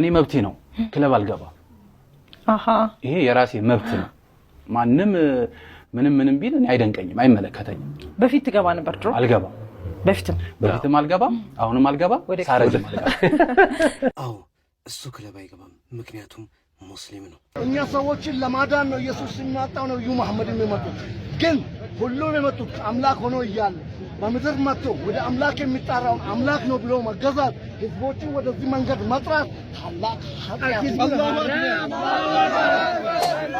እኔ መብቴ ነው፣ ክለብ አልገባ ይሄ የራሴ መብት ነው። ማንም ምንም ምንም ቢል እኔ አይደንቀኝም፣ አይመለከተኝም። በፊት ትገባ ነበር? ድሮ አልገባም። በፊትም በፊትም አልገባም፣ አሁንም አልገባ ሳረግም አልገባም። አዎ እሱ ክለብ አይገባም፣ ምክንያቱም ሙስሊም ነው። እኛ ሰዎችን ለማዳን ነው ኢየሱስ ሲናጣው ነው እዩ መሐመድ የሚመጡት ግን ሁሉም የመጡት አምላክ ሆኖ እያለ በምድር መጥቶ ወደ አምላክ የሚጣራውን አምላክ ነው ብሎ መገዛት፣ ህዝቦችን ወደዚህ መንገድ መጥራት ታላቅ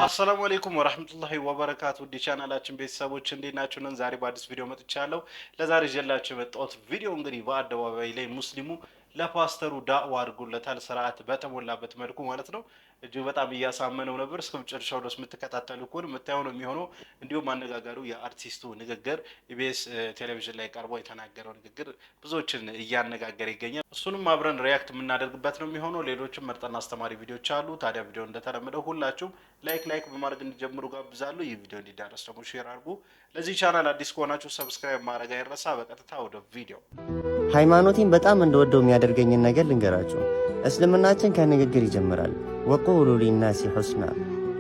አሰላሙ አሌይኩም ወራህመቱላሂ ወበረካቱ። ውድ ቻናላችን ቤተሰቦች እንዴት ናችሁ? ነን ዛሬ በአዲስ ቪዲዮ መጥቻለሁ። ለዛሬ ይዤላችሁ የመጣሁት ቪዲዮ እንግዲህ በአደባባይ ላይ ሙስሊሙ ለፓስተሩ ዳዕዋ አድርጎለታል፣ ስርዓት በተሞላበት መልኩ ማለት ነው። እጅግ በጣም እያሳመነው ነበር። እስከ መጨረሻው ድረስ የምትከታተሉ ከሆነ የምታየው ነው የሚሆነው። እንዲሁም አነጋጋሪው የአርቲስቱ ንግግር ኢቢኤስ ቴሌቪዥን ላይ ቀርቦ የተናገረው ንግግር ብዙዎችን እያነጋገረ ይገኛል። እሱንም አብረን ሪያክት የምናደርግበት ነው የሚሆነው። ሌሎችም መርጠና አስተማሪ ቪዲዮዎች አሉ። ታዲያ ቪዲዮ እንደተለመደው ሁላችሁም ላይክ ላይክ በማድረግ እንዲጀምሩ ጋብዛለሁ። ይህ ቪዲዮ እንዲዳረስ ደግሞ ሼር አድርጉ። ለዚህ ቻናል አዲስ ከሆናችሁ ሰብስክራይብ ማድረግ አይረሳ። በቀጥታ ወደ ቪዲዮ። ሃይማኖቴን በጣም እንደወደው የሚያደርገኝን ነገር ልንገራችሁ። እስልምናችን ከንግግር ይጀምራል። ወቁሉ ሊናሲ ሑስና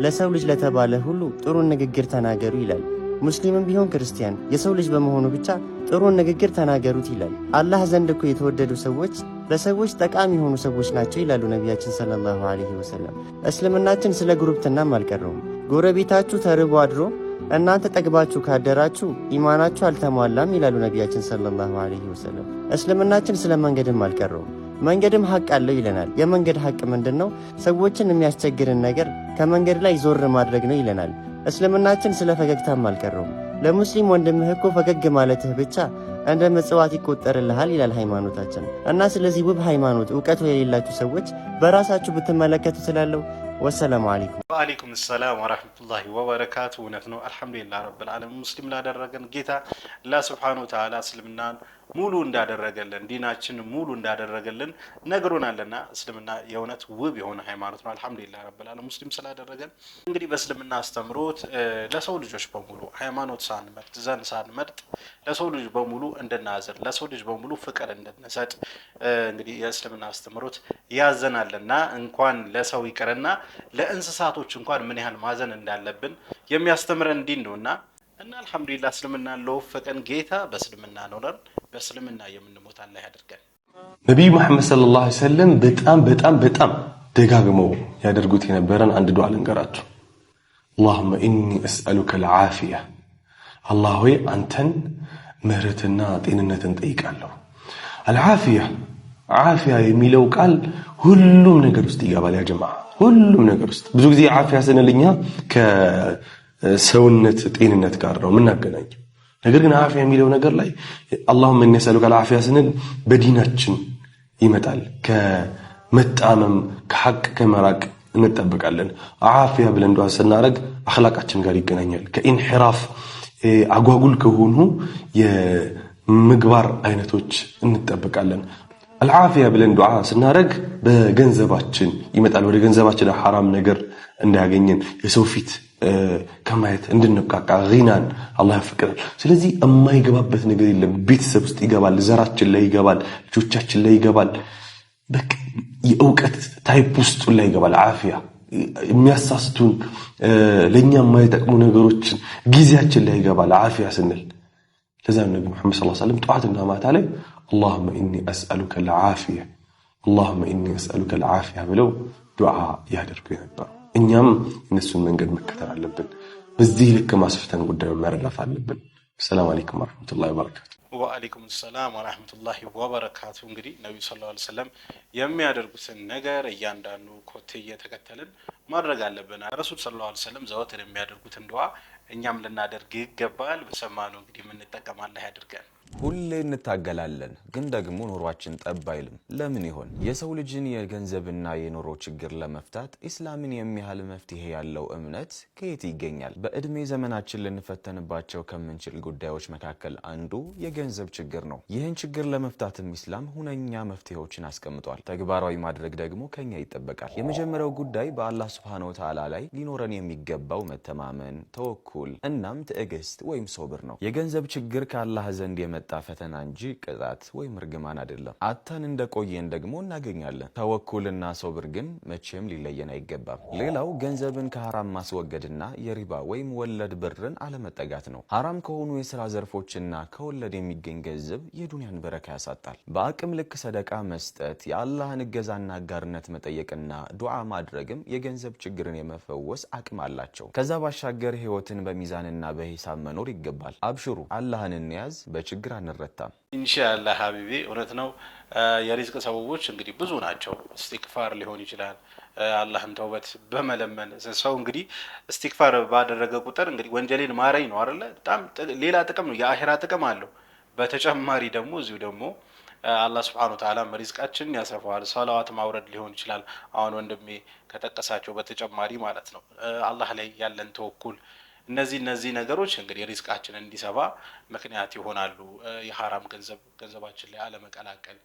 ለሰው ልጅ ለተባለ ሁሉ ጥሩን ንግግር ተናገሩ ይላል። ሙስሊምም ቢሆን ክርስቲያን የሰው ልጅ በመሆኑ ብቻ ጥሩን ንግግር ተናገሩት ይላል። አላህ ዘንድ እኮ የተወደዱ ሰዎች ለሰዎች ጠቃሚ የሆኑ ሰዎች ናቸው ይላሉ ነቢያችን ሰለላሁ ዐለይሂ ወሰለም። እስልምናችን ስለ ጉርብትናም አልቀረውም። ጎረቤታችሁ ተርቦ አድሮ እናንተ ጠግባችሁ ካደራችሁ ኢማናችሁ አልተሟላም ይላሉ ነቢያችን ሰለላሁ ዐለይሂ ወሰለም። እስልምናችን ስለ መንገድም አልቀረውም። መንገድም ሀቅ አለው ይለናል። የመንገድ ሀቅ ምንድን ነው? ሰዎችን የሚያስቸግርን ነገር ከመንገድ ላይ ዞር ማድረግ ነው ይለናል። እስልምናችን ስለ ፈገግታም አልቀረውም። ለሙስሊም ወንድምህ እኮ ፈገግ ማለትህ ብቻ እንደ መጽዋት ይቆጠርልሃል ይላል ሃይማኖታችን። እና ስለዚህ ውብ ሃይማኖት እውቀቱ የሌላችሁ ሰዎች በራሳችሁ ብትመለከቱ ስላለው ወሰላሙ አለይኩም ወአለይኩም ሰላም ወራህመቱላሂ ወበረካቱ። እውነት ነው። አልሐምዱሊላህ ረብል ሙስሊም ላደረገን ጌታ ላ ሱብሓነሁ ወተዓላ እስልምናን ሙሉ እንዳደረገልን ዲናችን ሙሉ እንዳደረገልን ነግሮናልና እስልምና የእውነት ውብ የሆነ ሃይማኖት ነው። አልሐምዱሊላህ ረብላለ ሙስሊም ስላደረገን። እንግዲህ በእስልምና አስተምሮት ለሰው ልጆች በሙሉ ሃይማኖት ሳንመርጥ ዘን ሳንመርጥ ለሰው ልጅ በሙሉ እንድናዝር ለሰው ልጅ በሙሉ ፍቅር እንድንሰጥ እንግዲህ የእስልምና አስተምሮት ያዘናልና እንኳን ለሰው ይቅርና ለእንስሳቶች እንኳን ምን ያህል ማዘን እንዳለብን የሚያስተምረን እንዲን ነውና እና አልሐምዱሊላህ እስልምና ለወፈቀን ጌታ በእስልምና ኖረን በእስልምና የምንሞት አላህ ያደርገን። ነቢዩ መሐመድ ሰለላሁ ዐለይሂ ወሰለም በጣም በጣም በጣም ደጋግመው ያደርጉት የነበረን አንድ ዱዓ ልንገራችሁ። አላሁመ ኢኒ አስአሉከ ልዓፊያ፣ አላህ ሆይ አንተን ምህረትና ጤንነትን ጠይቃለሁ። አልዓፊያ ዓፊያ የሚለው ቃል ሁሉም ነገር ውስጥ ይገባል። ያ ጀማዓ ሁሉም ነገር ውስጥ ብዙ ጊዜ ዓፊያ ስንልኛ ከሰውነት ጤንነት ጋር ነው የምናገናኘው። ነገር ግን አፍያ የሚለው ነገር ላይ አላሁም ቃል አፍያ ስንል በዲናችን ይመጣል። ከመጣመም ከሐቅ ከመራቅ እንጠብቃለን። አፍያ ብለን ዱዓ ስናደርግ አኽላቃችን ጋር ይገናኛል። ከኢንሕራፍ አጓጉል ከሆኑ የምግባር አይነቶች እንጠብቃለን። አልዓፊያ ብለን ዱዓ ስናደርግ በገንዘባችን ይመጣል። ወደ ገንዘባችን ሐራም ነገር እንዳያገኘን የሰው ፊት ከማየት እንድንብቃቃ ሪናን አላህ ያፈቅዳል። ስለዚህ የማይገባበት ነገር የለም። ቤተሰብ ውስጥ ይገባል፣ ዘራችን ላይ ይገባል፣ ልጆቻችን ላይ ይገባል፣ የእውቀት ታይፕ ውስጡ ላይ ይገባል። አፍያ የሚያሳስቱን ለእኛ የማይጠቅሙ ነገሮችን ጊዜያችን ላይ ይገባል። አፍያ ስንል ለዛም ነቢ ሙሐመድ ሰለላሁ ዐለይሂ ጠዋትና ማታ ላይ አላሁመ ኢኒ አስአሉከ አልዓፊያ አላሁመ ኢኒ አስአሉከ አልዓፊያ ብለው ዱዓ ያደርጉ የነበረው እኛም እነሱን መንገድ መከተል አለብን። በዚህ ልክ ማስፍተን ጉዳዩ መረዳት አለብን። ሰላም አለይኩም ወረሕመቱላሂ ወበረካቱ። ወአለይኩም ሰላም ወረሕመቱላሂ ወበረካቱ። እንግዲህ ነቢዩ ሰለላሁ ዓለይሂ ወሰለም የሚያደርጉትን ነገር እያንዳንዱ ኮቴ እየተከተልን ማድረግ አለብን። ረሱል ሰለላሁ ዓለይሂ ወሰለም ዘወትር የሚያደርጉትን ድዋ እኛም ልናደርግ ይገባል። በሰማነው እንግዲህ የምንጠቀም አላህ ያድርገን። ሁሌ እንታገላለን፣ ግን ደግሞ ኑሯችን ጠብ አይልም። ለምን ይሆን? የሰው ልጅን የገንዘብና የኑሮ ችግር ለመፍታት ኢስላምን የሚያህል መፍትሄ ያለው እምነት ከየት ይገኛል? በእድሜ ዘመናችን ልንፈተንባቸው ከምንችል ጉዳዮች መካከል አንዱ የገንዘብ ችግር ነው። ይህን ችግር ለመፍታትም ኢስላም ሁነኛ መፍትሄዎችን አስቀምጧል። ተግባራዊ ማድረግ ደግሞ ከኛ ይጠበቃል። የመጀመሪያው ጉዳይ በአላህ ስብሐነ ወተዓላ ላይ ሊኖረን የሚገባው መተማመን፣ ተወኩል እናም ትዕግስት ወይም ሶብር ነው። የገንዘብ ችግር ከአላህ ዘንድ የመ የመጣ ፈተና እንጂ ቅጣት ወይም እርግማን አይደለም። አተን እንደቆየን ደግሞ እናገኛለን። ተወኩልና ሶብር ግን መቼም ሊለየን አይገባም። ሌላው ገንዘብን ከሀራም ማስወገድና የሪባ ወይም ወለድ ብርን አለመጠጋት ነው። ሀራም ከሆኑ የስራ ዘርፎችና ከወለድ የሚገኝ ገንዘብ የዱንያን በረካ ያሳጣል። በአቅም ልክ ሰደቃ መስጠት፣ የአላህን እገዛና አጋርነት መጠየቅና ዱዓ ማድረግም የገንዘብ ችግርን የመፈወስ አቅም አላቸው። ከዛ ባሻገር ህይወትን በሚዛንና በሂሳብ መኖር ይገባል። አብሽሩ አላህን እንያዝ በችግር ችግር አንረታም። ኢንሻላ ሀቢቢ፣ እውነት ነው። የሪዝቅ ሰበቦች እንግዲህ ብዙ ናቸው። እስቲክፋር ሊሆን ይችላል። አላህን ተውበት በመለመን ሰው እንግዲህ እስቲክፋር ባደረገ ቁጥር እንግዲህ ወንጀሌን ማረኝ ነው አለ። በጣም ሌላ ጥቅም ነው፣ የአሄራ ጥቅም አለው። በተጨማሪ ደግሞ እዚሁ ደግሞ አላህ ስብሐነ ወተዓላ ሪዝቃችንን ያሰፋዋል። ሰላዋት ማውረድ ሊሆን ይችላል። አሁን ወንድሜ ከጠቀሳቸው በተጨማሪ ማለት ነው አላህ ላይ ያለን ተወኩል እነዚህ እነዚህ ነገሮች እንግዲህ ሪስቃችን እንዲሰፋ ምክንያት ይሆናሉ። የሀራም ገንዘብ ገንዘባችን ላይ አለመቀላቀል፣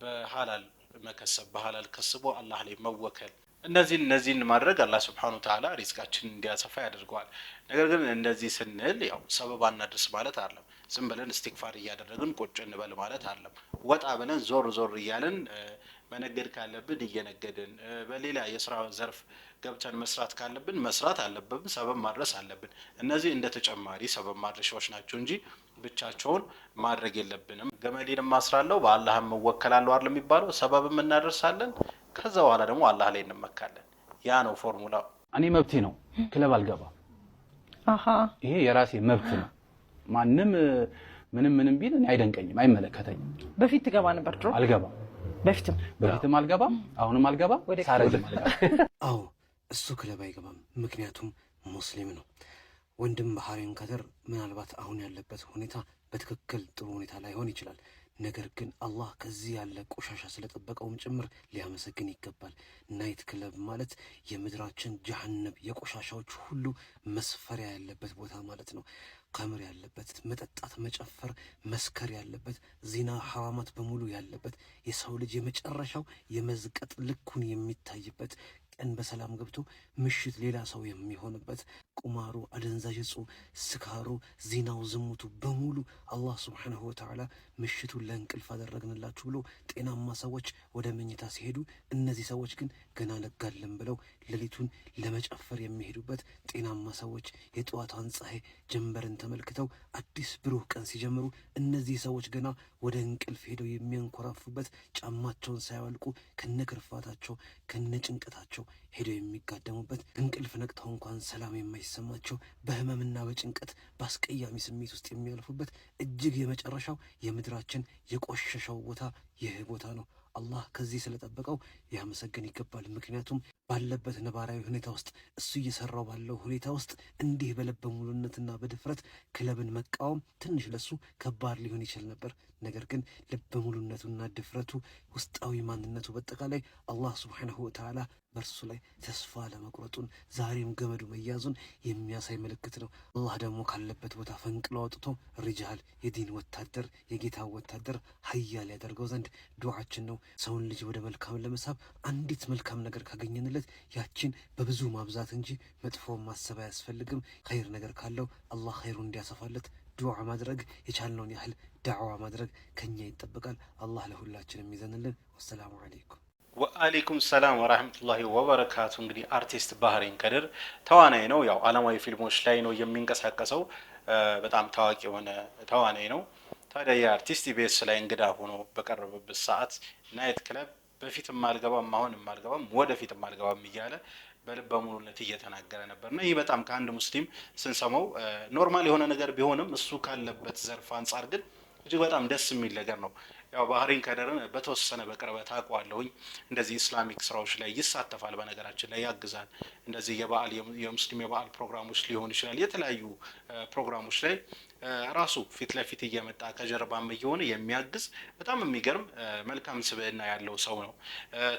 በሀላል መከሰብ፣ በሀላል ከስቦ አላህ ላይ መወከል እነዚህን እነዚህን ማድረግ አላህ ስብሓኑ ወተዓላ ሪስቃችንን እንዲያሰፋ ያደርገዋል። ነገር ግን እነዚህ ስንል ያው ሰበብ አናድርስ ማለት አለም ዝም ብለን እስቲግፋር እያደረግን ቁጭ እንበል ማለት አለም ወጣ ብለን ዞር ዞር እያለን መነገድ ካለብን እየነገድን፣ በሌላ የስራ ዘርፍ ገብተን መስራት ካለብን መስራት አለብን። ሰበብ ማድረስ አለብን። እነዚህ እንደ ተጨማሪ ሰበብ ማድረሻዎች ናቸው እንጂ ብቻቸውን ማድረግ የለብንም። ገመዴን ማስራለው በአላህም እወከላለሁ አይደል የሚባለው። ሰበብም እናደርሳለን። ከዛ በኋላ ደግሞ አላህ ላይ እንመካለን። ያ ነው ፎርሙላው። እኔ መብቴ ነው ክለብ አልገባ። ይሄ የራሴ መብት ነው። ማንም ምንም ምንም ቢል እኔ አይደንቀኝም፣ አይመለከተኝም። በፊት ትገባ ነበር? ድሮ አልገባም በፊትም በፊትም አልገባም፣ አሁንም አልገባም፣ ሳረጅም አልገባም። አዎ እሱ ክለብ አይገባም፣ ምክንያቱም ሙስሊም ነው። ወንድም ባህሪን ከድር ምናልባት አሁን ያለበት ሁኔታ በትክክል ጥሩ ሁኔታ ላይሆን ይችላል። ነገር ግን አላህ ከዚህ ያለ ቆሻሻ ስለጠበቀውም ጭምር ሊያመሰግን ይገባል። ናይት ክለብ ማለት የምድራችን ጀሀነም የቆሻሻዎች ሁሉ መስፈሪያ ያለበት ቦታ ማለት ነው። ከምር ያለበት፣ መጠጣት፣ መጨፈር፣ መስከር ያለበት፣ ዜና፣ ሐራማት በሙሉ ያለበት የሰው ልጅ የመጨረሻው የመዝቀጥ ልኩን የሚታይበት ቀን በሰላም ገብቶ ምሽት ሌላ ሰው የሚሆንበት ቁማሩ፣ አደንዛዥ እጹ፣ ስካሩ፣ ዜናው፣ ዝሙቱ በሙሉ አላህ ስብሓንሁ ወተዓላ ምሽቱን ለእንቅልፍ አደረግንላችሁ ብሎ ጤናማ ሰዎች ወደ መኝታ ሲሄዱ እነዚህ ሰዎች ግን ገና ነጋለን ብለው ሌሊቱን ለመጨፈር የሚሄዱበት ጤናማ ሰዎች የጠዋቷን ፀሐይ ጀንበርን ተመልክተው አዲስ ብሩህ ቀን ሲጀምሩ እነዚህ ሰዎች ገና ወደ እንቅልፍ ሄደው የሚያንኮራፉበት ጫማቸውን ሳያወልቁ ከነክርፋታቸው ከነጭንቀታቸው ከነ ጭንቀታቸው ሄደው የሚጋደሙበት እንቅልፍ ነቅተው እንኳን ሰላም የማይሰማቸው በህመምና በጭንቀት በአስቀያሚ ስሜት ውስጥ የሚያልፉበት እጅግ የመጨረሻው የምድራችን የቆሸሸው ቦታ ይህ ቦታ ነው። አላህ ከዚህ ስለጠበቀው ያመሰግን ይገባል። ምክንያቱም ባለበት ነባራዊ ሁኔታ ውስጥ እሱ እየሰራው ባለው ሁኔታ ውስጥ እንዲህ በልበ ሙሉነትና በድፍረት ክለብን መቃወም ትንሽ ለሱ ከባድ ሊሆን ይችል ነበር። ነገር ግን ልበ ሙሉነቱና ድፍረቱ፣ ውስጣዊ ማንነቱ በአጠቃላይ አላህ ሱብሓነሁ ወተዓላ በእርሱ ላይ ተስፋ ለመቁረጡን ዛሬም ገመዱ መያዙን የሚያሳይ ምልክት ነው። አላህ ደግሞ ካለበት ቦታ ፈንቅሎ አውጥቶ ሪጃል የዲን ወታደር የጌታ ወታደር ሀያል ያደርገው ዘንድ ዱዓችን ነው። ሰውን ልጅ ወደ መልካም ለመሳብ አንዲት መልካም ነገር ካገኘንለት ያችን በብዙ ማብዛት እንጂ መጥፎ ማሰብ አያስፈልግም። ኸይር ነገር ካለው አላህ ኸይሩን እንዲያሰፋለት ዱዓ ማድረግ የቻልነውን ያህል ዳዕዋ ማድረግ ከኛ ይጠበቃል። አላህ ለሁላችን የሚዘንልን። ወሰላሙ አለይኩም ወአሌይኩም ሰላም ወራህመቱላሂ ወበረካቱ። እንግዲህ አርቲስት ባህሬን ከድር ተዋናይ ነው። ያው አለማዊ ፊልሞች ላይ ነው የሚንቀሳቀሰው። በጣም ታዋቂ የሆነ ተዋናይ ነው። ታዲያ የአርቲስት ኢቢኤስ ላይ እንግዳ ሆኖ በቀረበበት ሰዓት ናይት ክለብ በፊትም አልገባም፣ አሁን አልገባም፣ ወደፊትም አልገባም እያለ በልበ ሙሉነት እየተናገረ ነበር እና ይህ በጣም ከአንድ ሙስሊም ስንሰማው ኖርማል የሆነ ነገር ቢሆንም እሱ ካለበት ዘርፍ አንጻር ግን እጅግ በጣም ደስ የሚል ነገር ነው። ያው ባህሪን ከደርን በተወሰነ በቅርበት አውቀዋለሁኝ። እንደዚህ ኢስላሚክ ስራዎች ላይ ይሳተፋል፣ በነገራችን ላይ ያግዛል። እንደዚህ የበዓል የሙስሊም የበዓል ፕሮግራሞች ሊሆን ይችላል። የተለያዩ ፕሮግራሞች ላይ ራሱ ፊት ለፊት እየመጣ ከጀርባም እየሆነ የሚያግዝ በጣም የሚገርም መልካም ስብዕና ያለው ሰው ነው።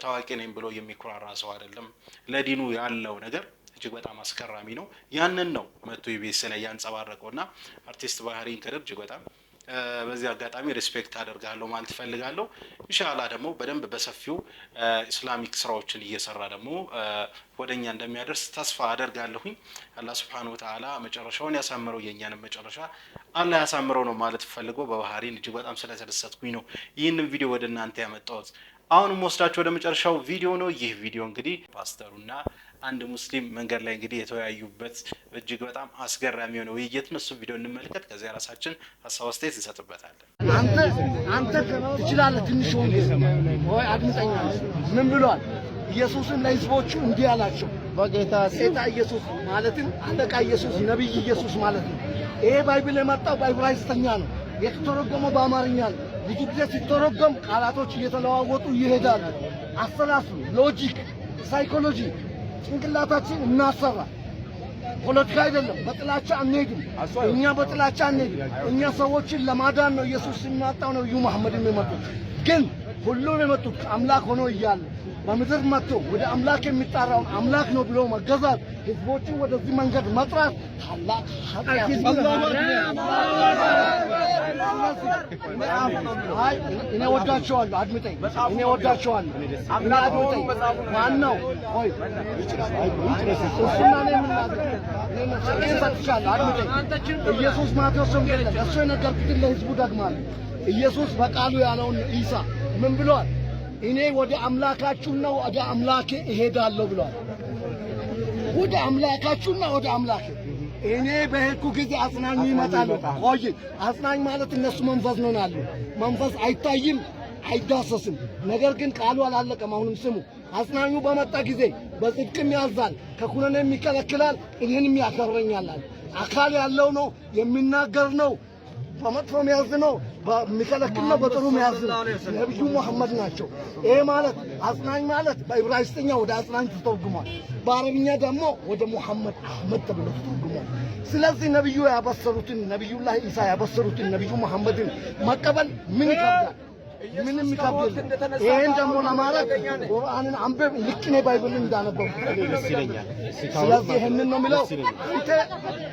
ታዋቂ ነኝ ብሎ የሚኮራራ ሰው አይደለም። ለዲኑ ያለው ነገር እጅግ በጣም አስገራሚ ነው። ያንን ነው መቶ ቤስ ላይ ያንጸባረቀው እና አርቲስት ባህሪን ከደር እጅግ በጣም በዚህ አጋጣሚ ሪስፔክት አደርጋለሁ ማለት እፈልጋለሁ። እንሻላ ደግሞ በደንብ በሰፊው ኢስላሚክ ስራዎችን እየሰራ ደግሞ ወደ እኛ እንደሚያደርስ ተስፋ አደርጋለሁኝ። አላህ ስብሐነ ወተዓላ መጨረሻውን ያሳምረው፣ የእኛንም መጨረሻ አላህ ያሳምረው ነው ማለት ፈልገው። በባህሪን እጅግ በጣም ስለተደሰትኩኝ ነው ይህንን ቪዲዮ ወደ እናንተ ያመጣሁት። አሁን ወስዳችሁ ወደ መጨረሻው ቪዲዮ ነው። ይህ ቪዲዮ እንግዲህ ፓስተሩና አንድ ሙስሊም መንገድ ላይ እንግዲህ የተወያዩበት እጅግ በጣም አስገራሚ የሆነ ውይይት ነው። እሱን ቪዲዮ እንመልከት። ከዚያ ራሳችን ሀሳብ አስተያየት እንሰጥበታለን። አንተ አንተ ትችላለህ፣ ትንሽ ወንድ ወይ አድምጠኛ። ምን ብሏል? ኢየሱስን ለህዝቦቹ እንዲህ አላቸው፣ በጌታ ጌታ ኢየሱስ ማለትም አለቃ ኢየሱስ፣ ነቢይ ኢየሱስ ማለት ነው። ይሄ ባይብል የመጣው ባይብራይስተኛ ነው የተተረጎመው በአማርኛ ነው። ብዙ ጊዜ ሲተረጎም ቃላቶች እየተለዋወጡ ይሄዳሉ። አሰላስሉ፣ ሎጂክ፣ ሳይኮሎጂ ጭንቅላታችን እናሰራ። ፖለቲካ አይደለም። በጥላቻ አንሄድም። እኛ በጥላቻ አንሄድም። እኛ ሰዎችን ለማዳን ነው። ኢየሱስ ሲናጣው ነው ዩ መሐመድ የመጡት ግን ሁሉም የመጡት አምላክ ሆኖ እያለ በምድር መጥቶ ወደ አምላክ የሚጣራውን አምላክ ነው ብሎ መገዛት፣ ህዝቦችን ወደዚህ መንገድ መጥራት ታላቅ ኃጢአት እኔ ወዳቸዋለሁ። አድምጠኝ። እኔ ወዳቸዋለሁ። ቆይ እሱና አድምጠኝ። ኢየሱስ ማቴዎስ ወንጌል እሱ የነገርኩትን ደግማለሁ። ኢየሱስ በቃሉ ያለውን ኢሳ ምን ብሏል? እኔ ወደ አምላካችሁና ወደ አምላኬ እሄዳለሁ ብሏል። ወደ አምላካችሁና ወደ አምላኬ እኔ በሄድኩ ጊዜ አጽናኙ ይመጣሉ። ቆይ አጽናኝ ማለት እነሱ መንፈስ ነው ናሉ። መንፈስ አይታይም፣ አይዳሰስም። ነገር ግን ቃሉ አላለቀም። አሁንም ስሙ። አጽናኙ በመጣ ጊዜ በጽድቅም ያዛል፣ ከኩነኔም ይከለክላል፣ እኔንም ያከብረኛል። አካል ያለው ነው፣ የሚናገር ነው፣ በመጥፎም ያዝ ነው የሚከለክልና በጥሩ መያዝ ነቢዩ መሐመድ ናቸው። ይሄ ማለት አጽናኝ ማለት በዕብራይስጥኛ ወደ አጽናኝ ተተርጉሟል። በአረብኛ ደግሞ ወደ ሙሐመድ አህመድ ተብሎ ተተርጉሟል። ስለዚህ ነቢዩ ያበሰሩትን ነቢዩላህ ኢሳ ያበሰሩትን ነቢዩ መሐመድን መቀበል ምን ይከብዳል? ምንም ይከብዳል። ይሄን ደግሞ ለማድረግ ቁርአንን አንብብ። ልክ እኔ ባይብልን እንዳነበብ ስለዚህ ይህንን ነው የሚለው። አንተ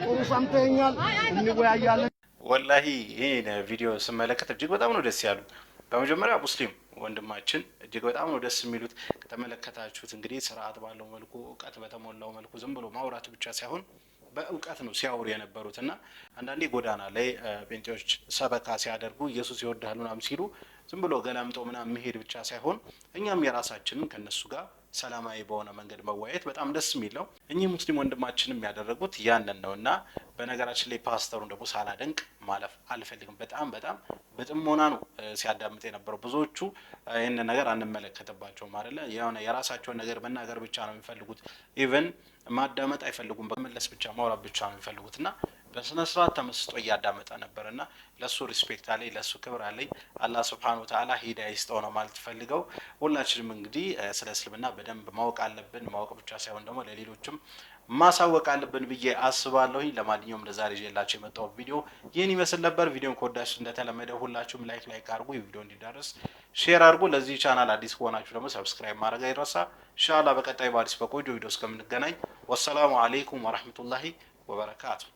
ጥሩ ሰምተኸኛል፣ እንወያያለን። ወላሂ ይህን ቪዲዮ ስመለከት እጅግ በጣም ነው ደስ ያሉ። በመጀመሪያ ሙስሊም ወንድማችን እጅግ በጣም ነው ደስ የሚሉት። ከተመለከታችሁት እንግዲህ ስርዓት ባለው መልኩ እውቀት በተሞላው መልኩ ዝም ብሎ ማውራት ብቻ ሳይሆን በእውቀት ነው ሲያወሩ የነበሩት እና አንዳንዴ ጎዳና ላይ ጴንጤዎች ሰበካ ሲያደርጉ ኢየሱስ ይወድሃል ምናምን ሲሉ ዝም ብሎ ገላምጦ ምናምን መሄድ ብቻ ሳይሆን እኛም የራሳችንን ከነሱ ጋር ሰላማዊ በሆነ መንገድ መወያየት በጣም ደስ የሚለው እኚህ ሙስሊም ወንድማችንም ያደረጉት ያንን ነው እና በነገራችን ላይ ፓስተሩን ደግሞ ሳላደንቅ ማለፍ አልፈልግም። በጣም በጣም በጥሞና ነው ሲያዳምጥ የነበረው። ብዙዎቹ ይህን ነገር አንመለከትባቸውም አይደለ? የሆነ የራሳቸውን ነገር መናገር ብቻ ነው የሚፈልጉት። ኢቨን ማዳመጥ አይፈልጉም። በመለስ ብቻ ማውራት ብቻ ነው የሚፈልጉት እና በስነ ስርዓት ተመስጦ እያዳመጠ ነበር እና ለሱ ሪስፔክት አለኝ፣ ለሱ ክብር አለኝ። አላህ ስብሐነ ወተዓላ ሂዳ ይስጠው ነው ማለት ፈልገው። ሁላችንም እንግዲህ ስለ እስልምና በደንብ ማወቅ አለብን። ማወቅ ብቻ ሳይሆን ደግሞ ለሌሎችም ማሳወቅ አለብን ብዬ አስባለሁኝ። ለማንኛውም ለዛሬ ይዤላችሁ የመጣሁት ቪዲዮ ይህን ይመስል ነበር። ቪዲዮን ከወዳችሁ እንደተለመደ ሁላችሁም ላይክ ላይክ አድርጉ፣ ቪዲዮ እንዲደርስ ሼር አድርጉ። ለዚህ ቻናል አዲስ ከሆናችሁ ደግሞ ሰብስክራይብ ማድረግ አይረሳ። ኢንሻአላህ በቀጣይ በአዲስ በቆጆ ቪዲዮ እስከምንገናኝ ወሰላሙ አሌይኩም ወረህመቱላሂ ወበረካቱ።